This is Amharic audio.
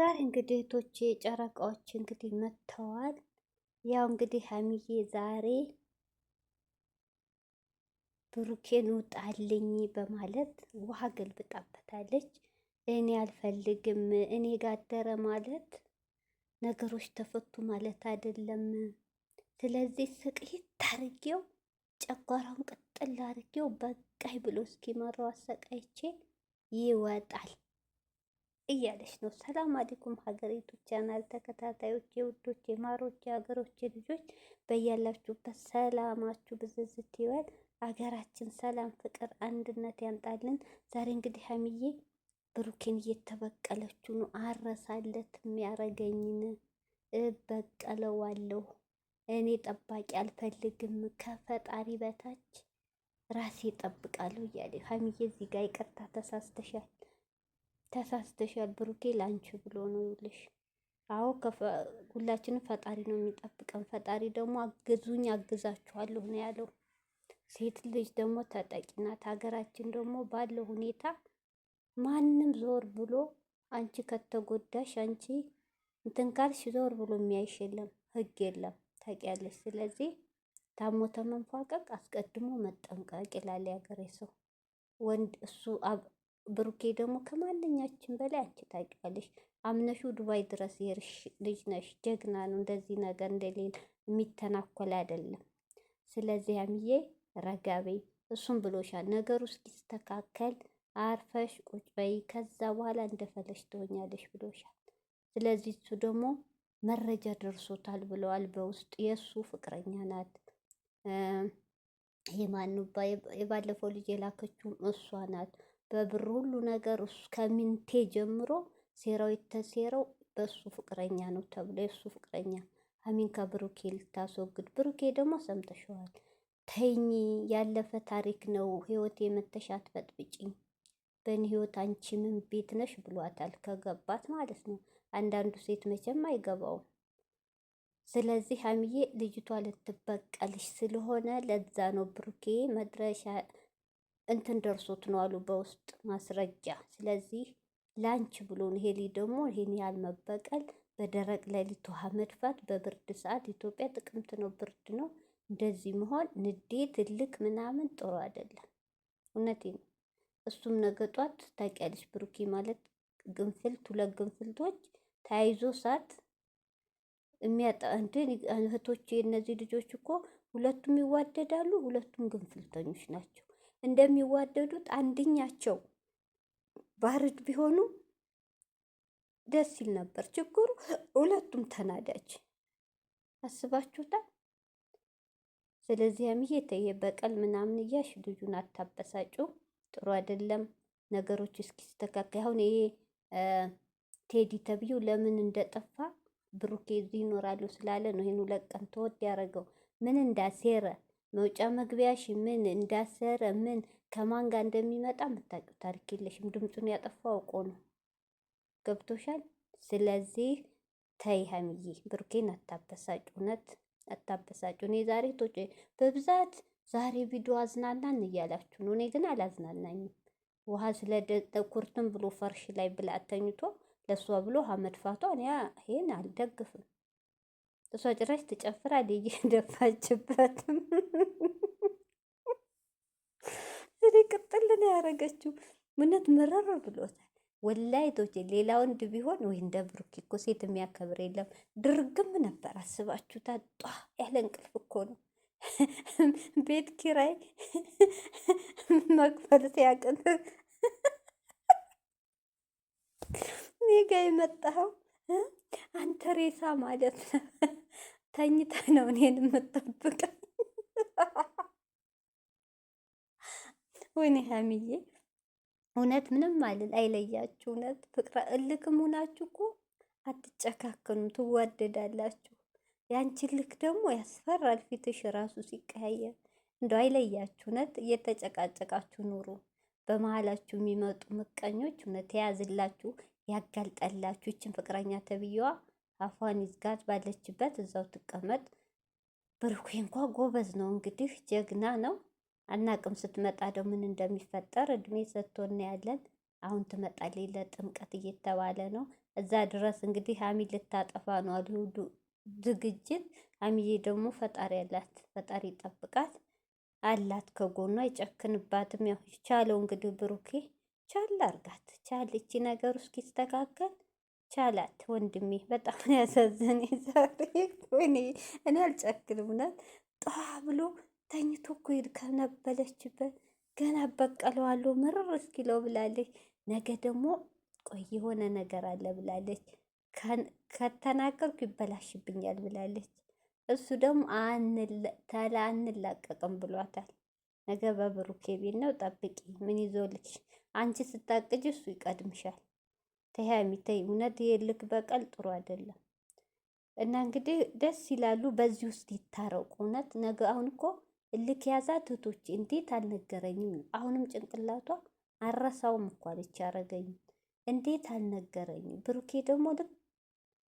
ዛሬ እንግዲህ እህቶቼ ጨረቃዎች እንግዲህ መጥተዋል። ያው እንግዲህ ሀሚዬ ዛሬ ብሩኬን ውጣልኝ በማለት ውሃ ገልብጣበታለች። እኔ አልፈልግም፣ እኔ ጋደረ ማለት ነገሮች ተፈቱ ማለት አይደለም። ስለዚህ ስቅይት አርጌው ጨጓራውን ቅጥል አርጌው በቃይ ብሎ እስኪመራው አሰቃይቼ ይወጣል። እያለች ነው። ሰላም አለይኩም ሀገሪቱ ቻናል ተከታታዮች የውዶች የማሮች የሀገሮች ልጆች በያላችሁበት ሰላማችሁ ብዝዝት ይበል። አገራችን ሰላም፣ ፍቅር፣ አንድነት ያምጣልን። ዛሬ እንግዲህ ሀሚዬ ብሩኬን እየተበቀለችው ነው። አረሳለት የሚያረገኝን እበቀለዋለሁ። እኔ ጠባቂ አልፈልግም ከፈጣሪ በታች ራሴ ጠብቃለሁ እያለ ሀሚዬ እዚህ ጋር ይቅርታ ተሳስተሻል ተሳስተሻል ብሩኬ ላንቺ ብሎ ነው ይልሽ። አዎ ሁላችንም ፈጣሪ ነው የሚጠብቀን። ፈጣሪ ደግሞ አግዙኝ አግዛችኋለሁ ነው ያለው። ሴት ልጅ ደግሞ ተጠቂ ናት። ሀገራችን ደግሞ ባለው ሁኔታ ማንም ዞር ብሎ አንቺ ከተጎዳሽ አንቺ እንትን ካልሽ ዞር ብሎ የሚያይሽ የለም፣ ህግ የለም ታውቂያለሽ። ስለዚህ ታሞ ተመንፏቀቅ አስቀድሞ መጠንቀቅ ይላል የሀገሬ ሰው ወንድ እሱ ብሩኬ ደግሞ ከማንኛችን በላይ አንቺ ታውቂዋለሽ። አምነሹ ዱባይ ድረስ የርሽ ልጅ ነሽ። ጀግና ነው። እንደዚህ ነገር እንደሌለ የሚተናኮል አይደለም። ስለዚህ አምዬ ረጋቤ እሱም ብሎሻል። ነገሩ እስኪስተካከል አርፈሽ ቁጭ በይ፣ ከዛ በኋላ እንደፈለሽ ትሆኛለሽ ብሎሻል። ስለዚህ እሱ ደግሞ መረጃ ደርሶታል ብለዋል። በውስጥ የእሱ ፍቅረኛ ናት የማንባ የባለፈው ልጅ የላከችውም እሷ ናት። በብር ሁሉ ነገር እሱ ከሚንቴ ጀምሮ ሴራው የተሴረው በእሱ ፍቅረኛ ነው ተብሎ የእሱ ፍቅረኛ አሚን ከብሩኬ ልታስወግድ። ብሩኬ ደግሞ ሰምተሸዋል። ተይኝ፣ ያለፈ ታሪክ ነው። ህይወት የመተሻ አትበጥብጭኝ፣ በእኔ ህይወት አንቺ ምን ቤት ነሽ ብሏታል። ከገባት ማለት ነው። አንዳንዱ ሴት መቼም አይገባውም። ስለዚህ አሚዬ ልጅቷ ልትበቀልሽ ስለሆነ ለዛ ነው ብሩኬ መድረሻ እንትን ደርሶት ነው አሉ በውስጥ ማስረጃ። ስለዚህ ላንች ብሎ ይሄ ልጅ ደግሞ ይሄን ያህል መበቀል፣ በደረቅ ሌሊት ውሃ መድፋት፣ በብርድ ሰዓት ኢትዮጵያ ጥቅምት ነው ብርድ ነው እንደዚህ መሆን፣ ንዴ ትልቅ ምናምን ጥሩ አይደለም። እውነቴ ነው። እሱም ነገ ጧት ታውቂያለሽ፣ ብሩኪ ማለት ግንፍልት፣ ሁለት ግንፍልቶች ተያይዞ ሰዓት የሚያጣ እንትን እህቶቼ፣ እነዚህ ልጆች እኮ ሁለቱም ይዋደዳሉ፣ ሁለቱም ግንፍልተኞች ናቸው። እንደሚዋደዱት አንድኛቸው ባርድ ቢሆኑ ደስ ይል ነበር። ችግሩ ሁለቱም ተናዳጅ አስባችሁታል። ስለዚህ ተየ በቀል ምናምን እያሽ ልጁን አታበሳጩ፣ ጥሩ አይደለም። ነገሮች እስኪስተካከል አሁን ይሄ ቴዲ ተብዬው ለምን እንደጠፋ ብሩኬ እዚህ ይኖራሉ ስላለ ነው ይህን ሁለት ቀን ተወድ ያደረገው ምን እንዳሴረ መውጫ መግቢያሽ ምን እንዳሰረ ምን ከማን ጋር እንደሚመጣ የምታውቂው ታሪክ የለሽም። ድምፁን ያጠፋው አውቆ ነው። ገብቶሻል። ስለዚህ ተይ ሀይሚዬ፣ ብሩኬን አታበሳጭ፣ እውነት አታበሳጭ። እኔ ዛሬ ቶጭ በብዛት ዛሬ ቪዲዮ አዝናናን እያላችሁ ነው። እኔ ግን አላዝናናኝም። ውሃ ስለደጠኩርትን ብሎ ፈርሽ ላይ ብላ ተኝቶ ለእሷ ብሎ ሀመድፋቷን ያ ይሄን አልደግፍም። እሷ ጭራሽ ትጨፍራለች እየደፋችበትም እኔ ቅጥልን ነው ያደረገችው። ምነት መረር ብሎታል። ወላይ ሌላ ወንድ ቢሆን ወይ እንደ ብሩክ እኮ ሴት የሚያከብር የለም ድርግም ነበር። አስባችሁ ታጧ ያለ እንቅልፍ እኮ ነው ቤት ኪራይ መክፈል ሲያቅን ኔጋ የመጣኸው አንተ ሬሳ ማለት ነው። ተኝተ ነው እኔን የምጠብቅ። ወይኔ ሀሚዬ እውነት ምንም አልል አይለያችሁ። እውነት ፍቅረ እልክም ሆናችሁ እኮ አትጨካከኑም፣ ትዋደዳላችሁ። የአንቺ ልክ ደግሞ ያስፈራል፣ ፊትሽ ራሱ ሲቀያየር። እንደው አይለያችሁ። እውነት እየተጨቃጨቃችሁ ኑሩ። በመሀላችሁ የሚመጡ ምቀኞች እውነት የያዝላችሁ ያጋልጠላችሁ። ይችን ፍቅረኛ ተብዬዋ አፏን ይዝጋት፣ ባለችበት እዛው ትቀመጥ። ብርኩ እንኳ ጎበዝ ነው እንግዲህ ጀግና ነው። አናቅም ስትመጣ ደው ምን እንደሚፈጠር እድሜ ሰጥቶ እናያለን። አሁን ትመጣለች ለጥምቀት እየተባለ ነው። እዛ ድረስ እንግዲህ አሚ ልታጠፋ ነው አሉ ዝግጅት። አሚዬ ደግሞ ፈጣሪ ያላት ፈጣሪ ይጠብቃት። አላት ከጎኗ አይጨክንባትም። ያው ቻለው እንግዲህ ብሩኬ ቻል አርጋት ቻል እቺ ነገር ውስጥ ይስተካከል ቻላት ወንድሜ። በጣም ያሳዘን ዛሬ ወይኔ እኔ አልጨክንም ናት ጠዋ ብሎ ተኝቶ እኮ ሄድ ከነበለችበት ገና በቀለዋለሁ ምርር እስኪለው ብላለች። ነገ ደግሞ ቆይ የሆነ ነገር አለ ብላለች። ከተናገርኩ ይበላሽብኛል ብላለች። እሱ ደግሞ ተላ አንላቀቅም ብሏታል። ነገ በብሩኬ ቤት ነው ጠብቂ። ምን ይዞልሽ? አንቺ ስታቅጅ እሱ ይቀድምሻል። ተያሚ ተይ። እውነት የልክ በቀል ጥሩ አይደለም። እና እንግዲህ ደስ ይላሉ። በዚህ ውስጥ ይታረቁ። እውነት ነገ አሁን እኮ እልክ ያዛ ትቶች እንዴት አልነገረኝም? አሁንም ጭንቅላቷ አረሳውም እኮ አለች አረገኝ እንዴት አልነገረኝም? ብሩኬ ደግሞ ልክ